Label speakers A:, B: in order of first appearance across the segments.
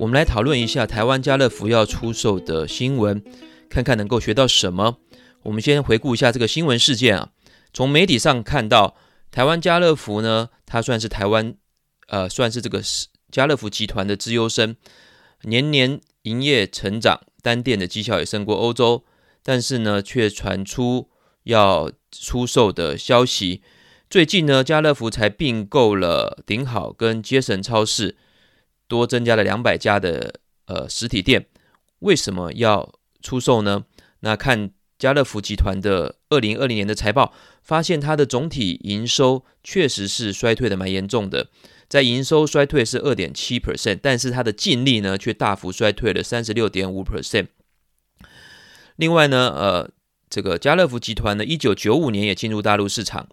A: 我們來討論一下台灣家樂福要出售的新聞，看看能夠學到什麼。我們先回顧一下這個新聞事件啊。從媒體上看到，台灣家樂福呢，它算是台灣，呃，算是這個家樂福集團的“資優生”，年年營業成長，單店的績效也勝過歐洲。但是呢，卻傳出要出售的消息。最近呢，家樂福才併購了頂好跟傑森超市。多增加了兩百家的呃實體店，為什麼要出售呢？那看家樂福集團的二零二零年的財報，發現它的總體營收確實是衰退的蠻嚴重的，在營收衰退是二點七 percent，但是它的淨利呢卻大幅衰退了三十六點五 percent。另外呢，呃，這個家樂福集團呢，一九九五年也進入大陸市場，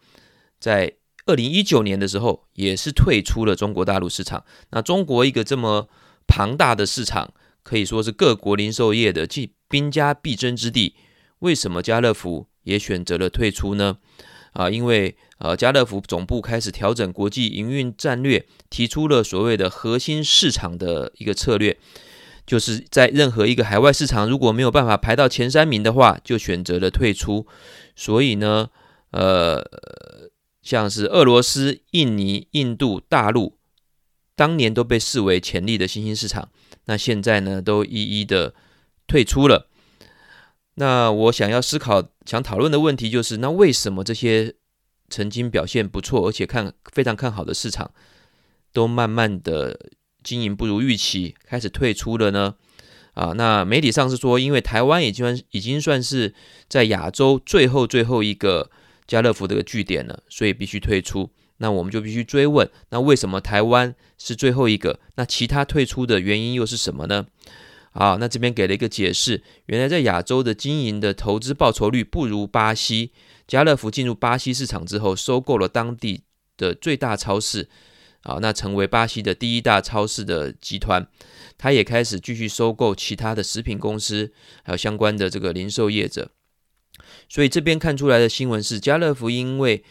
A: 在二零一九年的時候，也是退出了中國大陸市場。那中國一個這麼龐大的市場，可以說是各國零售業的即兵家必爭之地。為什麼家樂福也選擇了退出呢？啊，因為呃，家樂福總部開始調整國際營運戰略，提出了所謂的核心市場的一個策略，就是在任何一個海外市場，如果沒有辦法排到前三名的話，就選擇了退出。所以呢，呃。像是俄羅斯、印尼、印度大陸，當年都被視為潛力的新興市場，那現在呢，都一一的退出了。那我想要思考、想討論的問題就是：那為什麼這些曾經表現不錯，而且看非常看好的市場，都慢慢的經營不如預期，開始退出了呢？啊，那媒體上是說，因為台灣已經算已經算是在亞洲最後最後一個。家樂福這個據點呢，所以必須退出。那我們就必須追問，那為什麼台灣是最後一個？那其他退出的原因又是什麼呢？好、啊，那這邊給了一個解釋，原來在亞洲的經營的投資報酬率不如巴西。家樂福進入巴西市場之後，收購了當地的最大超市，好、啊，那成為巴西的第一大超市的集團。他也開始繼續收購其他的食品公司，還有相關的這個零售業者。所以這邊看出來的新聞是，家樂福因為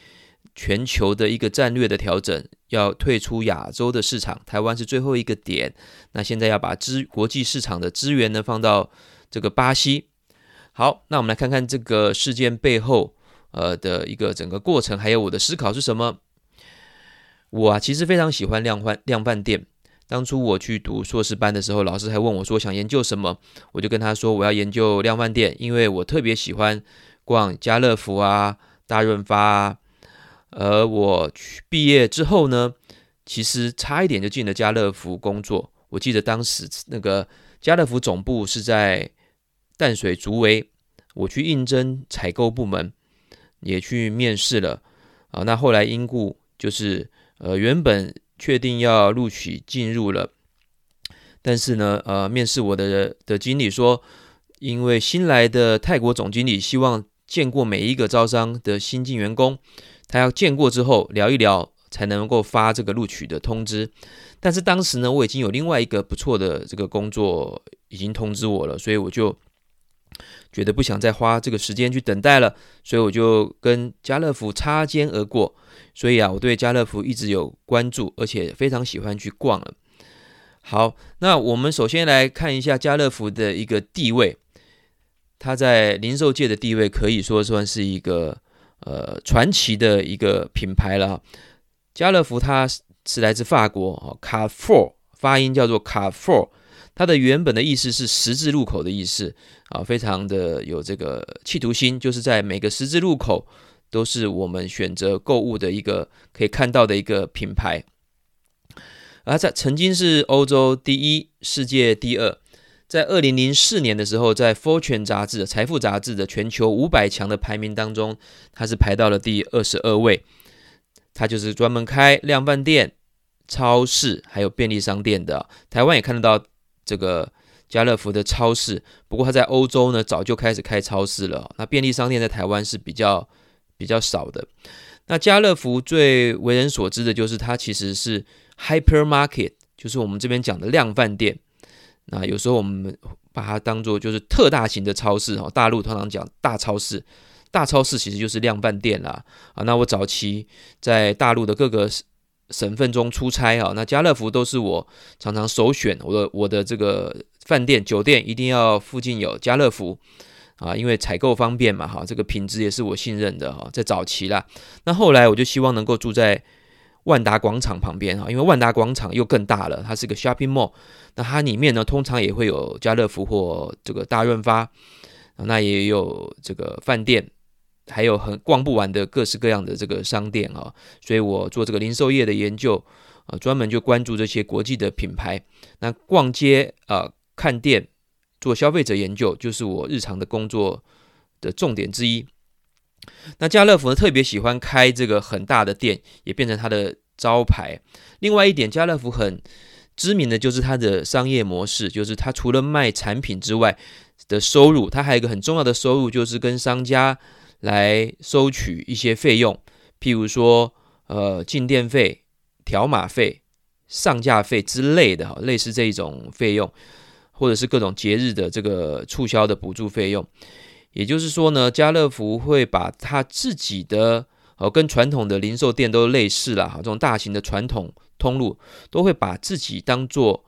A: 全球的一個戰略的調整，要退出亞洲的市場，台灣是最後一個點。那現在要把資國際市場的資源呢，放到這個巴西。好，那我們來看看這個事件背後呃的一個整個過程，還有我的思考是什麼？我啊其實非常喜歡量販量販店。當初我去讀碩士班的時候，老師還問我說想研究什麼，我就跟他說我要研究量販店，因為我特別喜歡逛家樂福啊、大潤發啊。而我去畢業之後呢，其實差一點就進了家樂福工作。我記得當時那個家樂福總部是在淡水竹圍，我去應徵採購部門，也去面試了啊。那後來因故，就是呃原本。確定要錄取進入了，但是呢，呃，面試我的的經理說，因為新來的泰國總經理希望見過每一個招商的新進員工，他要見過之後聊一聊才能夠發這個錄取的通知。但是當時呢，我已經有另外一個不錯的這個工作已經通知我了，所以我就。覺得不想再花這個時間去等待了，所以我就跟家樂福擦肩而過。所以啊，我對家樂福一直有關注，而且非常喜歡去逛了。好，那我們首先來看一下家樂福的一個地位，它在零售界的地位可以說算是一個呃傳奇的一個品牌了。家樂福它是來自法國啊，Carrefour，發音叫做 Carrefour。它的原本的意思是十字路口的意思啊，非常的有這個企圖心，就是在每個十字路口都是我們選擇購物的一個可以看到的一個品牌。而、啊、在曾經是歐洲第一、世界第二，在二零零四年的時候，在《Fortune》雜誌（財富雜誌）的全球五百強的排名當中，它是排到了第二十二位。它就是專門開量販店、超市還有便利商店的，啊、台灣也看得到。這個家樂福的超市，不過它在歐洲呢早就開始開超市了。那便利商店在台灣是比較比較少的。那家樂福最為人所知的就是它其實是 hypermarket，就是我們這邊講的量販店。那有時候我們把它當做就是特大型的超市哦。大陸通常講大超市，大超市其實就是量販店啦。啊，那我早期在大陸的各個。省份中出差啊、哦，那家樂福都是我常常首選。我的我的這個飯店酒店一定要附近有家樂福啊，因為採購方便嘛哈、啊。這個品質也是我信任的哈、啊。在早期啦，那後來我就希望能夠住在萬達廣場旁邊哈、啊，因為萬達廣場又更大了，它是個 shopping mall。那它裡面呢，通常也會有家樂福或這個大潤發，那也有這個飯店。還有很逛不完的各式各樣的這個商店啊、哦，所以我做這個零售業的研究，呃，專門就關注這些國際的品牌。那逛街啊，看店，做消費者研究，就是我日常的工作的重點之一。那家樂福呢，特別喜歡開這個很大的店，也變成它的招牌。另外一點，家樂福很知名的就是它的商業模式，就是它除了賣產品之外的收入，它還有一個很重要的收入，就是跟商家。來收取一些費用，譬如說，呃，進店費、條碼費、上架費之類的，類似這一種費用，或者是各種節日的這個促銷的補助費用。也就是說呢，家樂福會把他自己的，呃，跟傳統的零售店都類似啦，哈，這種大型的傳統通路都會把自己當做，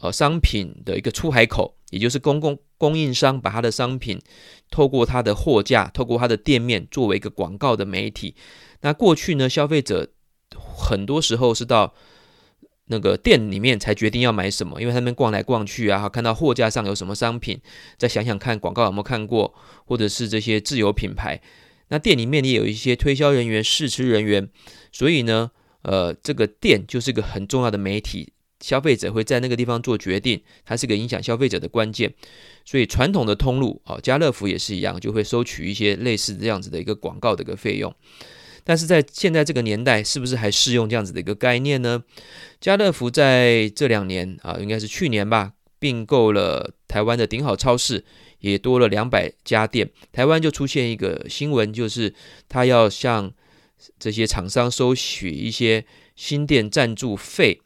A: 呃，商品的一個出海口，也就是公共。供應商把他的商品透過他的貨架、透過他的店面作為一個廣告的媒體。那過去呢，消費者很多時候是到那個店裡面才決定要買什麼，因為他們逛來逛去啊，看到貨架上有什麼商品，再想想看廣告有沒有看過，或者是這些自有品牌。那店裡面也有一些推銷人員、試吃人員，所以呢，呃，這個店就是一個很重要的媒體。消費者會在那個地方做決定，它是個影響消費者的關鍵，所以傳統的通路啊，家樂福也是一樣，就會收取一些類似這樣子的一個廣告的一個費用。但是在現在這個年代，是不是還適用這樣子的一個概念呢？家樂福在這兩年啊，應該是去年吧，併購了台灣的頂好超市，也多了兩百家店。台灣就出現一個新聞，就是他要向這些廠商收取一些新店贊助費。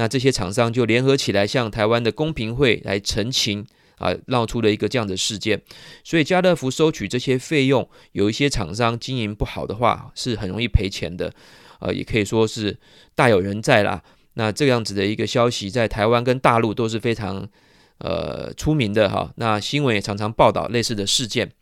A: 那這些廠商就聯合起來向台灣的公平會來澄清啊，鬧出了一個這樣的事件，所以家樂福收取這些費用，有一些廠商經營不好的話是很容易賠錢的，啊，也可以說是大有人在啦。那這樣子的一個消息在台灣跟大陸都是非常呃出名的哈、啊。那新聞也常常報道類似的事件。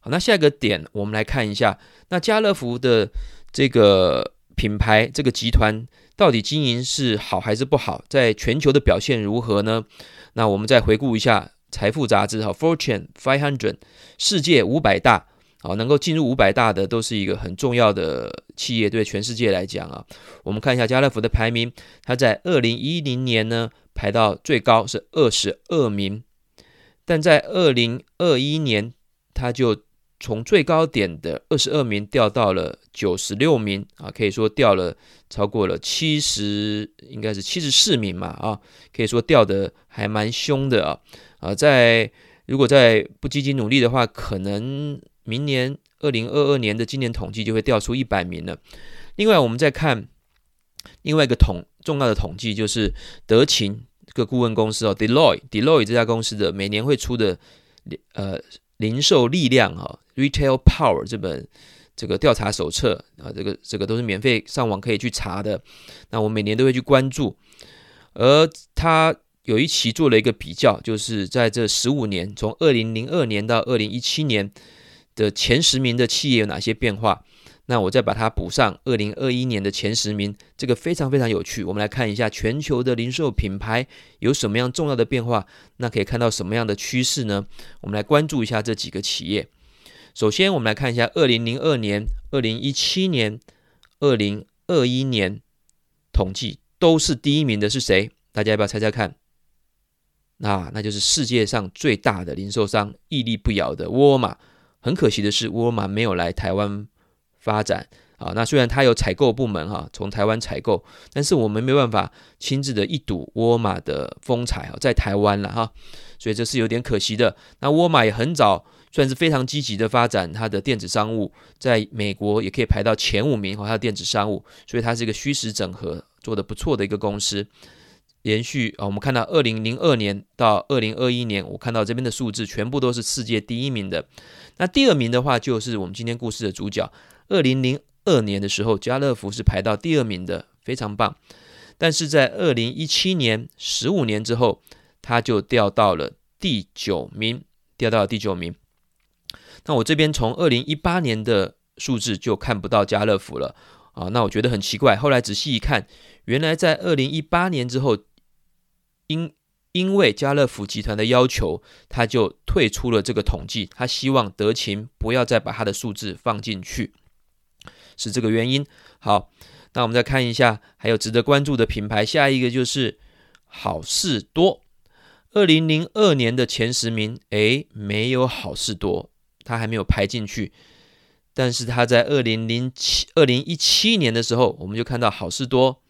A: 好，那下一個點我們來看一下，那家樂福的這個品牌這個集團。到底經營是好還是不好？在全球的表現如何呢？那我們再回顧一下財富雜誌哈 （Fortune 500，世界五百大）。啊，能夠進入五百大的都是一個很重要的企業，對全世界來講啊。我們看一下家樂福的排名，它在二零一零年呢排到最高是二十二名，但在二零二一年它就。從最高點的二十二名掉到了九十六名啊，可以說掉了超過了七十，應該是七十四名嘛啊，可以說掉得還蠻凶的啊啊，在如果在不積極努力的話，可能明年二零二二年的今年統計就會掉出一百名了。另外，我們再看另外一個統重要的統計，就是德勤這個顧問公司哦，Deloitte Deloitte 這家公司的每年會出的呃。零售力量啊，Retail Power 這本這個調查手冊啊，這個這個都是免費上網可以去查的。那我每年都會去關注，而他有一期做了一個比較，就是在這十五年，從二零零二年到二零一七年的前十名的企業有哪些變化？那我再把它補上，二零二一年的前十名，這個非常非常有趣。我們來看一下全球的零售品牌有什麼樣重要的變化，那可以看到什麼樣的趨勢呢？我們來關注一下這幾個企業。首先，我們來看一下二零零二年、二零一七年、二零二一年統計都是第一名的是誰？大家要不要猜猜看？那那就是世界上最大的零售商屹立不搖的沃爾瑪。很可惜的是，沃爾瑪沒有來台灣。發展啊，那雖然它有採購部門哈，從台灣採購，但是我們沒辦法親自的一睹沃爾瑪的風采啊，在台灣了哈，所以這是有點可惜的。那沃爾瑪也很早算是非常積極的發展它的電子商務，在美國也可以排到前五名哈，它的電子商務，所以它是一個虛實整合做得不錯的一個公司。連續啊，我們看到二零零二年到二零二一年，我看到這邊的數字全部都是世界第一名的。那第二名的話，就是我們今天故事的主角。二零零二年的時候，家樂福是排到第二名的，非常棒。但是在二零一七年，十五年之後，他就掉到了第九名，掉到了第九名。那我這邊從二零一八年的數字就看不到家樂福了啊、哦。那我覺得很奇怪。後來仔細一看，原來在二零一八年之後，因因為家樂福集團的要求，他就退出了這個統計。他希望德勤不要再把他的數字放進去。是這個原因。好，那我們再看一下還有值得關注的品牌。下一個就是好事多。二零零二年的前十名，誒，沒有好事多，它還沒有排進去。但是它在二零零七、二零一七年的時候，我們就看到好事多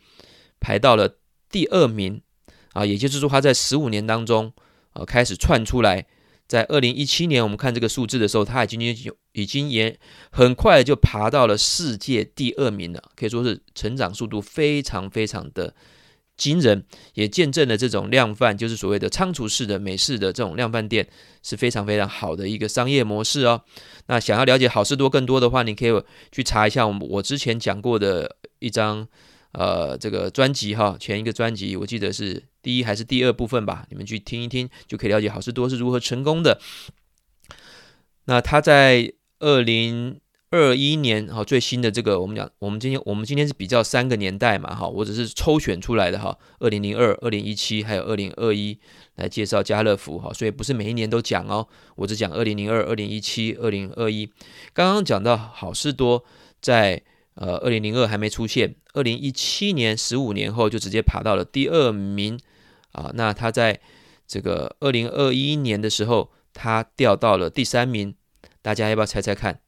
A: 排到了第二名啊，也就是說它在十五年當中呃，啊，開始竄出來。在二零一七年，我們看這個數字的時候，它已經已經已經也很快就爬到了世界第二名了，可以說是成長速度非常非常的驚人，也見證了這種量販，就是所謂的倉儲式的美式的這種量販店是非常非常好的一個商業模式哦。那想要了解好事多更多的話，你可以去查一下我我之前講過的一張。呃，這個專輯哈，前一個專輯我記得是第一還是第二部分吧？你們去聽一聽，就可以了解好事多是如何成功的。那他在二零二一年哈，最新的這個我們講，我們今天我們今天是比較三個年代嘛哈，我只是抽選出來的哈，二零零二、二零一七還有二零二一來介紹家樂福哈，所以不是每一年都講哦，我只講二零零二、二零一七、二零二一。剛剛講到好事多在。呃，二零零二還沒出現，二零一七年十五年後就直接爬到了第二名啊。那他在這個二零二一年的時候，他掉到了第三名。大家要不要猜猜看？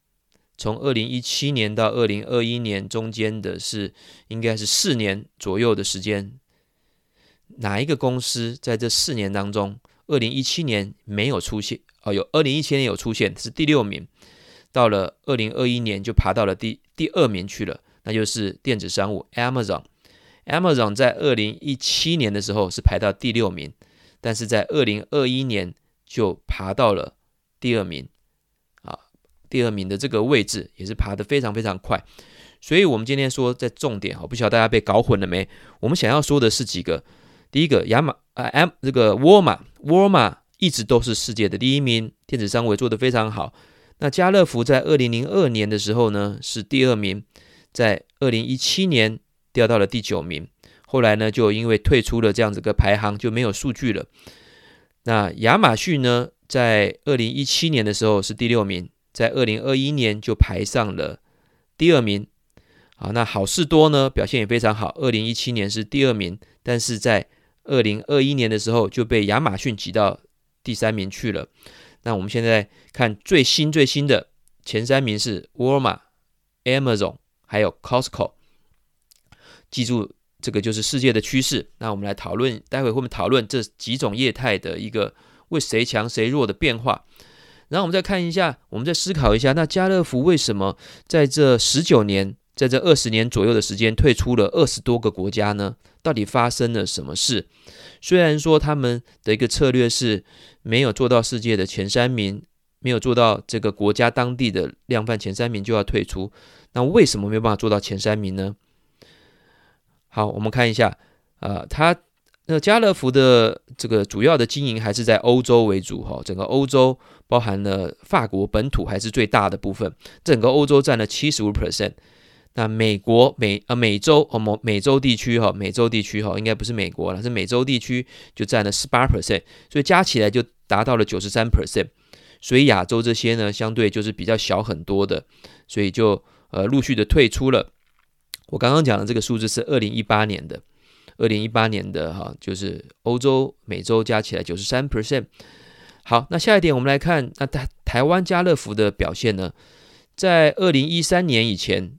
A: 從二零一七年到二零二一年中間的是應該是四年左右的時間，哪一個公司在這四年當中，二零一七年沒有出現？哦、啊，有二零一七年有出現，是第六名。到了二零二一年就爬到了第第二名去了，那就是電子商務 Amazon。Amazon 在二零一七年的時候是排到第六名，但是在二零二一年就爬到了第二名啊！第二名的這個位置也是爬得非常非常快。所以我們今天說在重點，我不曉得大家被搞混了沒？我們想要說的是幾個：第一個，亞馬啊，M 這個沃爾瑪，沃爾瑪一直都是世界的第一名，電子商務也做得非常好。那家樂福在二零零二年的時候呢，是第二名，在二零一七年掉到了第九名，後來呢就因為退出了這樣子個排行，就沒有數據了。那亞馬遜呢，在二零一七年的時候是第六名，在二零二一年就排上了第二名。好，那好事多呢，表現也非常好，二零一七年是第二名，但是在二零二一年的時候就被亞馬遜擠到第三名去了。那我們現在看最新最新的前三名是沃爾瑪、Amazon，還有 Costco。記住，這個就是世界的趨勢。那我們來討論，待會會討論這幾種業態的一個為誰強誰弱的變化。然後我們再看一下，我們再思考一下，那家樂福為什麼在這十九年，在這二十年左右的時間退出了二十多個國家呢？到底發生了什麼事？雖然說他們的一個策略是沒有做到世界的前三名，沒有做到這個國家當地的量販前三名就要退出。那為什麼沒有辦法做到前三名呢？好，我們看一下，啊、呃，他那家樂福的這個主要的經營還是在歐洲為主哈，整個歐洲包含了法國本土還是最大的部分，整個歐洲占了七十五 percent。那美國美呃、啊、美洲哦，美美洲地區哈，美洲地區哈，應該不是美國了，但是美洲地區就占了十八 percent，所以加起來就達到了九十三 percent，所以亞洲這些呢，相對就是比較小很多的，所以就呃陸續的退出了。我剛剛講的這個數字是二零一八年的，二零一八年的哈，就是歐洲美洲加起來九十三 percent。好，那下一點我們來看，那台台灣家樂福的表現呢，在二零一三年以前，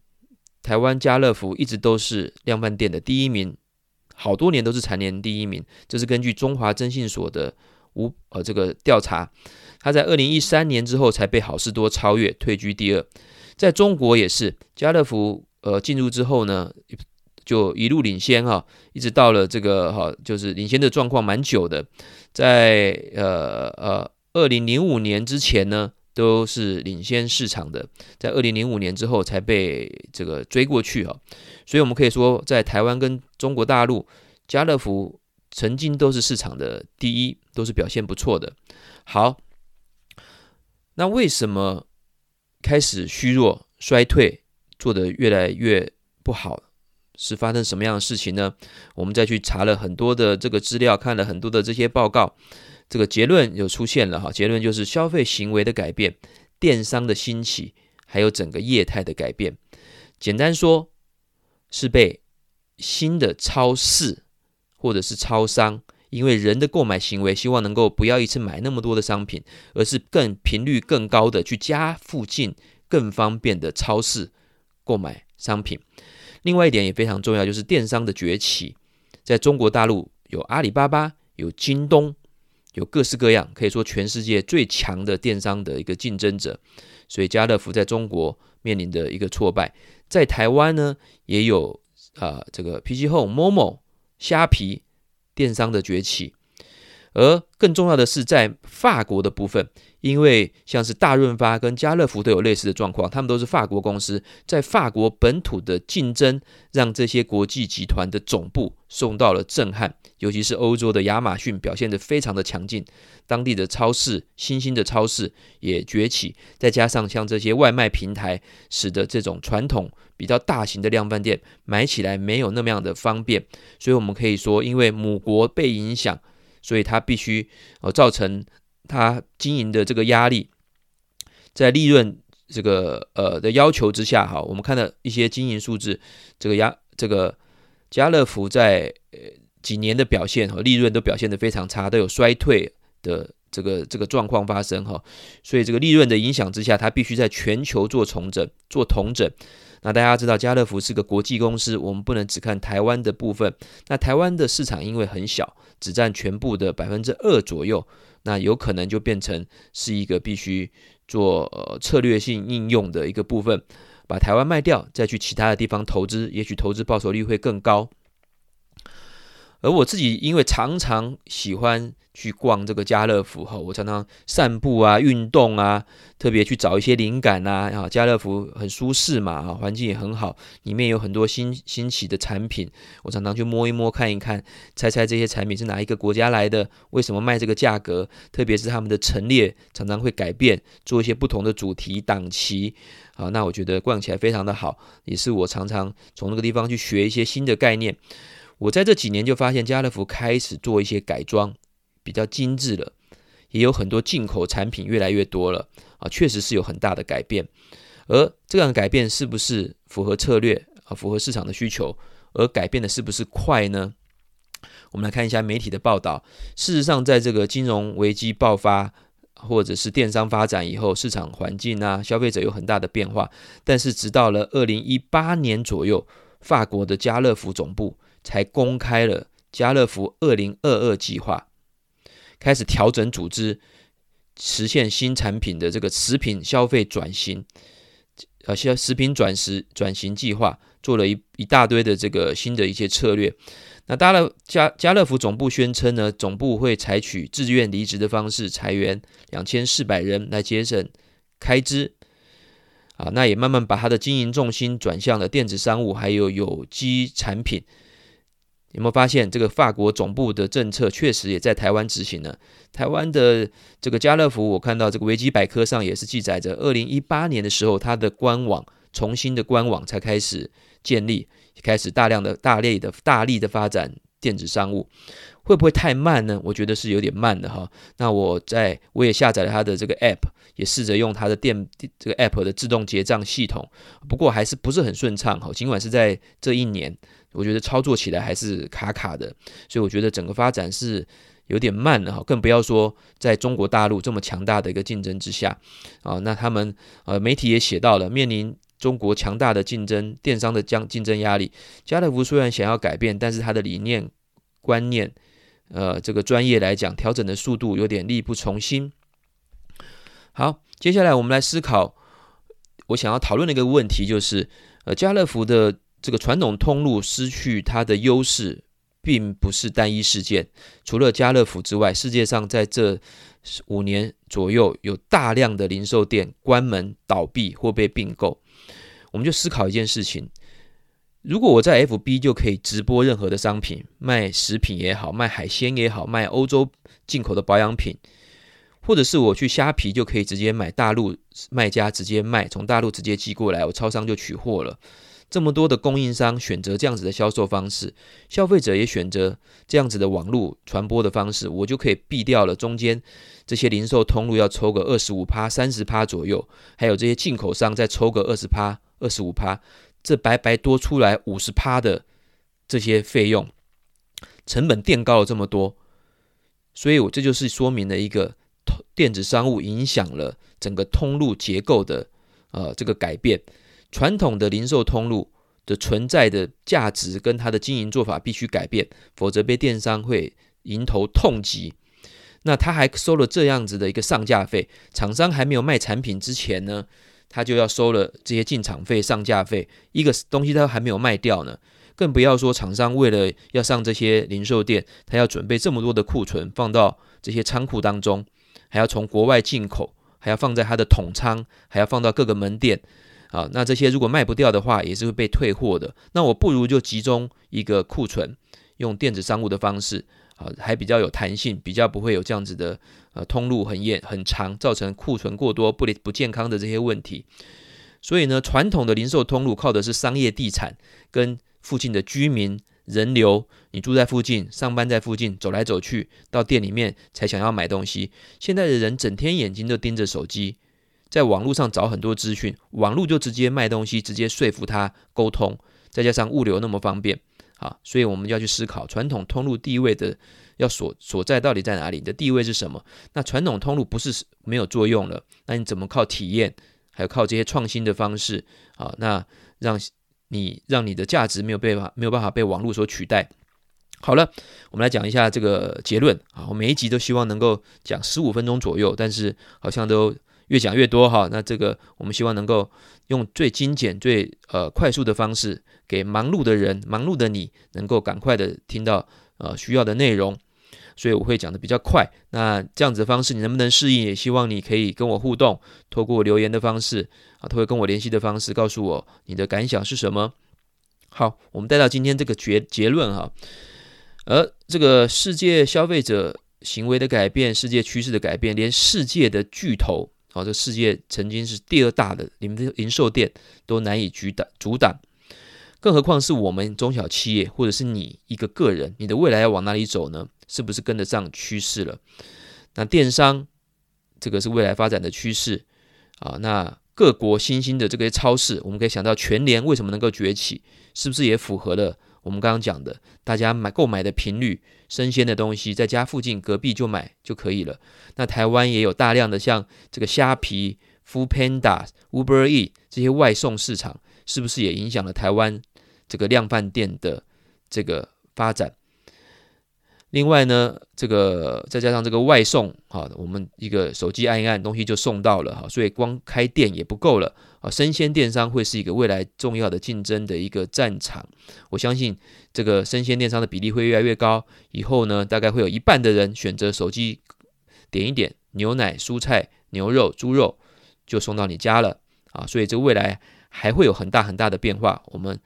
A: 台灣家樂福一直都是量販店的第一名，好多年都是蟬聯第一名。這是根據中華徵信所的無，呃這個調查，他在二零一三年之後才被好事多超越，退居第二。在中國也是，家樂福呃進入之後呢，就一路領先哈、啊，一直到了這個哈、啊，就是領先的狀況蠻久的，在呃呃二零零五年之前呢。都是領先市場的，在二零零五年之後才被這個追過去啊、哦，所以我們可以說，在台灣跟中國大陸，家樂福曾經都是市場的第一，都是表現不錯的。好，那為什麼開始虛弱衰退，做得越來越不好，是發生什麼樣的事情呢？我們再去查了很多的這個資料，看了很多的這些報告。這個結論又出現了哈，結論就是消費行為的改變、電商的興起，還有整個業態的改變。簡單說，是被新的超市或者是超商，因為人的購買行為希望能夠不要一次買那麼多的商品，而是更頻率更高的去家附近更方便的超市購買商品。另外一點也非常重要，就是電商的崛起，在中國大陸有阿里巴巴、有京東。有各式各樣，可以說全世界最強的電商的一個競爭者，所以家樂福在中國面臨的一個挫敗，在台灣呢也有啊、呃、這個 PChome、Momo、蝦皮電商的崛起。而更重要的是，在法國的部分，因為像是大潤發跟家樂福都有類似的狀況，他們都是法國公司，在法國本土的競爭，讓這些國際集團的總部受到了震撼。尤其是歐洲的亞馬遜表現得非常的強勁，當地的超市、新興的超市也崛起，再加上像這些外賣平台，使得這種傳統比較大型的量販店買起來沒有那麼樣的方便。所以我們可以說，因為母國被影響。所以它必須，呃，造成它經營的這個壓力，在利潤這個呃的要求之下，哈，我們看到一些經營數字，這個壓，這個家樂福在呃幾年的表現和利潤都表現得非常差，都有衰退的這個這個狀況發生，哈，所以這個利潤的影響之下，它必須在全球做重整、做統整。那大家知道家樂福是個國際公司，我們不能只看台灣的部分。那台灣的市場因為很小，只占全部的百分之二左右，那有可能就變成是一個必須做，呃，策略性應用的一個部分，把台灣賣掉，再去其他的地方投資，也許投資報酬率會更高。而我自己因為常常喜歡去逛這個家樂福，哈，我常常散步啊、運動啊，特別去找一些靈感啊。啊，家樂福很舒適嘛，啊，環境也很好，裡面有很多新新奇的產品，我常常去摸一摸、看一看、猜猜這些產品是哪一個國家來的，為什麼賣這個價格？特別是他們的陳列常常會改變，做一些不同的主題檔期，啊，那我覺得逛起來非常的好，也是我常常從那個地方去學一些新的概念。我在這幾年就發現，家樂福開始做一些改裝，比較精緻了，也有很多進口產品越來越多了啊，確實是有很大的改變。而這樣的改變是不是符合策略啊？符合市場的需求？而改變的是不是快呢？我們來看一下媒體的報道。事實上，在這個金融危機爆發，或者是電商發展以後，市場環境啊，消費者有很大的變化。但是，直到了二零一八年左右，法國的家樂福總部，才公開了家樂福二零二二計劃，開始調整組織，實現新產品的這個食品消費轉型，呃，食食品轉食轉型計劃做了一一大堆的這個新的一些策略。那當然，家家樂福總部宣稱呢，總部會採取自願離職的方式裁員兩千四百人，來節省開支，啊，那也慢慢把它的經營重心轉向了電子商務，還有有機產品。你有沒有發現這個法國總部的政策確實也在台灣執行呢？台灣的這個家樂福，我看到這個維基百科上也是記載着，二零一八年的時候，它的官網重新的官網才開始建立，開始大量的、大類的、大力的發展電子商務，會不會太慢呢？我覺得是有點慢的哈。那我在我也下載了他的這個 app，也試着用他的電這個 app 的自動結賬系統，不過還是不是很順暢哈。儘管是在這一年。我覺得操作起來還是卡卡的，所以我覺得整個發展是有點慢的哈，更不要說在中國大陸這麼強大的一個競爭之下啊。那他們呃媒體也寫到了，面臨中國強大的競爭，電商的將競爭壓力，家樂福雖然想要改變，但是它的理念觀念，呃，這個專業來講，調整的速度有點力不從心。好，接下來我們來思考我想要討論的一個問題，就是呃，家樂福的。這個傳統通路失去它的優勢，並不是單一事件。除了家樂福之外，世界上在這五年左右有大量的零售店關門、倒閉或被併購。我們就思考一件事情：如果我在 FB 就可以直播任何的商品，賣食品也好，賣海鮮也好，賣歐洲進口的保養品，或者是我去蝦皮就可以直接買，大陸賣家直接賣，從大陸直接寄過來，我超商就取貨了。這麼多的供應商選擇這樣子的銷售方式，消費者也選擇這樣子的網絡傳播的方式，我就可以避掉了中間這些零售通路要抽個二十五趴、三十趴左右，還有這些進口商再抽個二十趴、二十五趴，這白白多出來五十趴的這些費用，成本墊高了這麼多，所以我這就是說明了一個電子商務影響了整個通路結構的呃這個改變。傳統的零售通路的存在的價值跟它的經營做法必須改變，否則被電商會迎頭痛擊。那他還收了這樣子的一個上架費，廠商還沒有賣產品之前呢，他就要收了這些進場費、上架費。一個東西他還沒有賣掉呢，更不要說廠商為了要上這些零售店，他要準備這麼多的庫存放到這些倉庫當中，還要從國外進口，還要放在他的統倉，還要放到各個門店。啊，那這些如果賣不掉的話，也是會被退貨的。那我不如就集中一個庫存，用電子商務的方式，啊，還比較有彈性，比較不會有這樣子的呃、啊、通路很嚴很長，造成庫存過多不不健康的這些問題。所以呢，傳統的零售通路靠的是商業地產跟附近的居民人流，你住在附近，上班在附近，走來走去到店裡面才想要買東西。現在的人整天眼睛都盯着手機。在網絡上找很多資訊，網絡就直接賣東西，直接說服他溝通，再加上物流那麼方便啊，所以我們就要去思考傳統通路地位的要所所在到底在哪裡，你的地位是什麼？那傳統通路不是沒有作用了，那你怎麼靠體驗，還有靠這些創新的方式啊？那讓你讓你的價值沒有被沒有辦法被網絡所取代。好了，我們來講一下這個結論啊。我每一集都希望能夠講十五分鐘左右，但是好像都。越講越多哈，那這個我們希望能夠用最精簡、最呃快速的方式，給忙碌的人、忙碌的你，能夠趕快的聽到呃需要的內容。所以我會講的比較快，那這樣子的方式你能不能適應？也希望你可以跟我互動，透過留言的方式啊，透過跟我聯繫的方式，告訴我你的感想是什麼。好，我們帶到今天這個結結論哈，而這個世界消費者行為的改變、世界趨勢的改變，連世界的巨頭。哦，這世界曾經是第二大的，你們的零售店都難以阻擋，阻擋，更何況是我們中小企業，或者是你一個個人，你的未來要往哪裡走呢？是不是跟得上趨勢了？那電商這個是未來發展的趨勢啊。那各國新興的這些超市，我們可以想到全聯為什麼能夠崛起，是不是也符合了？我們剛剛講的，大家買購買的頻率，生鮮的東西在家附近隔壁就買就可以了。那台灣也有大量的像這個蝦皮、Foodpanda、Uber Eats，這些外送市場，是不是也影響了台灣這個量販店的這個發展？另外呢，這個再加上這個外送哈，我們一個手機按一按，東西就送到了哈，所以光開店也不夠了啊。生鮮電商會是一個未來重要的競爭的一個戰場，我相信這個生鮮電商的比例會越來越高。以後呢，大概會有一半的人選擇手機點一點，牛奶、蔬菜、牛肉、豬肉就送到你家了啊。所以這個未來還會有很大很大的變化，我們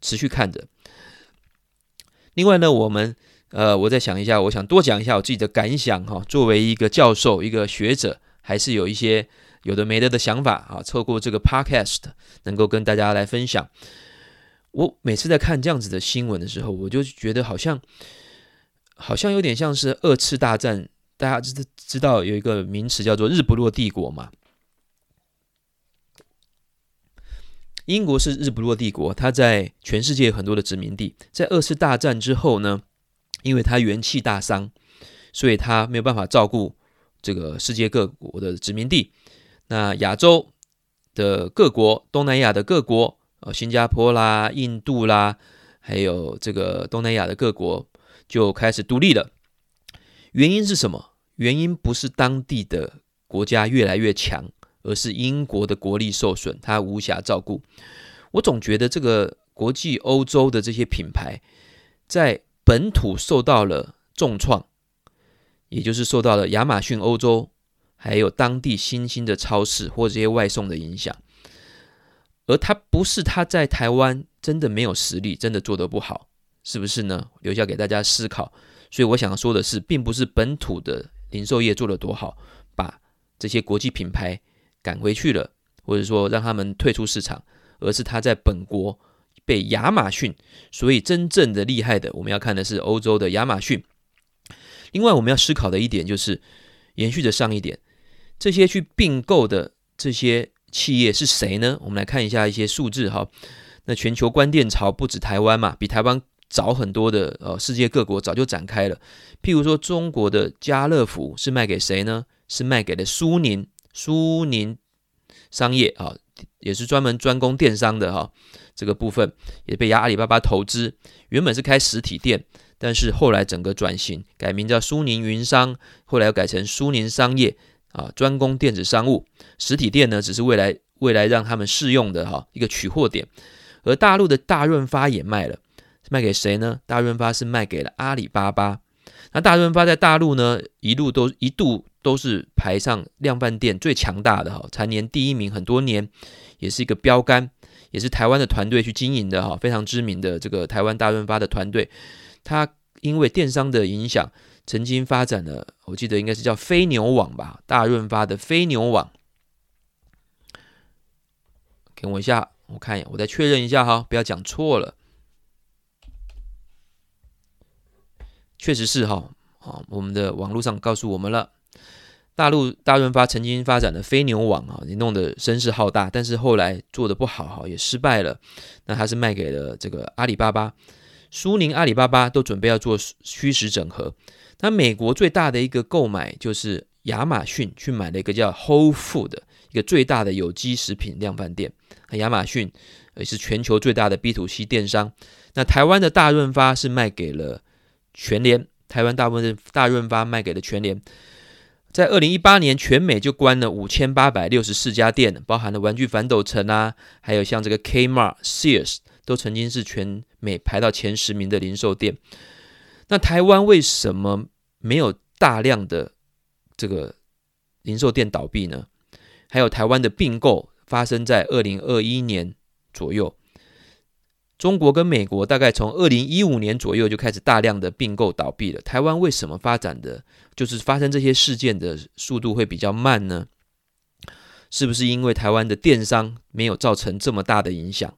A: 持續看着。另外呢，我們。呃，我再想一下，我想多講一下我自己的感想哈、哦。作為一個教授，一個學者，還是有一些有的沒的的想法啊。透過這個 podcast 能夠跟大家來分享。我每次在看這樣子的新聞的時候，我就覺得好像好像有點像是二次大戰，大家知知道有一個名詞叫做日不落帝國嘛。英國是日不落帝國，它在全世界有很多的殖民地。在二次大戰之後呢，因為他元氣大傷，所以他沒有辦法照顧這個世界各國的殖民地。那亞洲的各國、東南亞的各國，呃，新加坡啦、印度啦，還有這個東南亞的各國就開始獨立了。原因是什麼？原因不是當地的國家越來越強，而是英國的國力受損，他無暇照顧。我總覺得這個國際歐洲的這些品牌在。本土受到了重創，也就是受到了亞馬遜、歐洲還有當地新興的超市或這些外送的影響，而它不是它在台灣真的沒有實力，真的做得不好，是不是呢？留下給大家思考。所以我想說的是，並不是本土的零售業做得多好，把這些國際品牌趕回去了，或者說讓他們退出市場，而是它在本國。被亞馬遜，所以真正的厲害的，我們要看的是歐洲的亞馬遜。另外，我們要思考的一點就是，延續着上一點，這些去併購的這些企業是誰呢？我們來看一下一些數字哈。那全球關店潮不止台灣嘛，比台灣早很多的呃，世界各國早就展開了。譬如說，中國的家樂福是賣給誰呢？是賣給了蘇寧，蘇寧商業啊，也是專門專攻電商的哈。這個部分也被阿里巴巴投資，原本是開實體店，但是後來整個轉型，改名叫蘇寧雲商，後來又改成蘇寧商業，啊，專攻電子商務，實體店呢只是未來未來讓他們試用的哈一個取貨點，而大陸的大潤發也賣了，賣給誰呢？大潤發是賣給了阿里巴巴，那大潤發在大陸呢一路都一度都是排上量販店最強大的哈，蟬聯第一名很多年，也是一個標杆。也是台灣的團隊去經營的哈，非常知名的這個台灣大潤發的團隊，他因為電商的影響，曾經發展了，我記得應該是叫飛牛網吧，大潤發的飛牛網。給我一下，我看一下，我再確認一下哈，不要講錯了。確實是哈，啊，我們的網絡上告訴我們了。大陸大潤發曾經發展的飛牛網啊，也弄得聲勢浩大，但是後來做的不好哈，也失敗了。那它是賣給了這個阿里巴巴、蘇寧、阿里巴巴都準備要做虛實整合。那美國最大的一個購買就是亞馬遜去買了一個叫 Whole Food 的一個最大的有機食品量販店。亞馬遜也是全球最大的 B to C 電商。那台灣的大潤發是賣給了全聯，台灣大部分大潤發賣給了全聯。在二零一八年，全美就關了五千八百六十四家店，包含了玩具反斗城啊，還有像這個 Kmart、Sears，都曾經是全美排到前十名的零售店。那台灣為什麼沒有大量的這個零售店倒閉呢？還有台灣的併購發生在二零二一年左右。中國跟美國大概從二零一五年左右就開始大量的併購倒閉了。台灣為什麼發展的就是發生這些事件的速度會比較慢呢？是不是因為台灣的電商沒有造成這麼大的影響，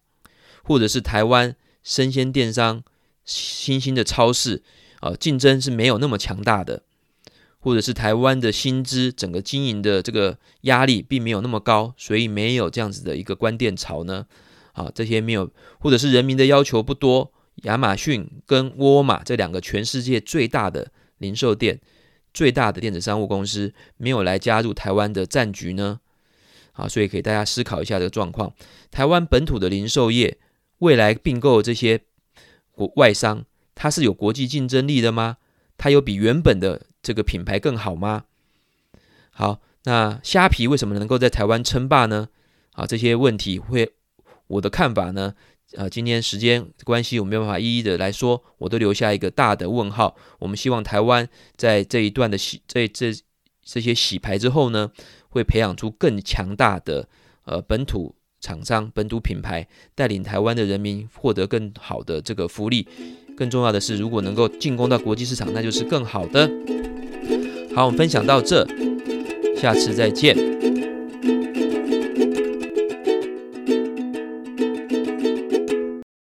A: 或者是台灣生鮮電商新興的超市呃競爭是沒有那麼強大的，或者是台灣的薪資整個經營的這個壓力並沒有那麼高，所以沒有這樣子的一個關店潮呢？啊，這些沒有，或者是人民的要求不多，亞馬遜跟沃爾瑪這兩個全世界最大的零售店、最大的電子商務公司沒有來加入台灣的戰局呢？啊，所以給大家思考一下這個狀況。台灣本土的零售業未來併購這些國外商，它是有國際競爭力的嗎？它有比原本的這個品牌更好嗎？好，那蝦皮為什麼能夠在台灣稱霸呢？啊，這些問題會。我的看法呢，呃，今天時間關係，我沒有辦法一一的來說，我都留下一個大的問號。我們希望台灣在這一段的洗，這這這些洗牌之後呢，會培養出更強大的呃本土廠商、本土品牌，帶領台灣的人民獲得更好的這個福利。更重要的是，如果能夠進攻到國際市場，那就是更好的。好，我們分享到這，下次再見。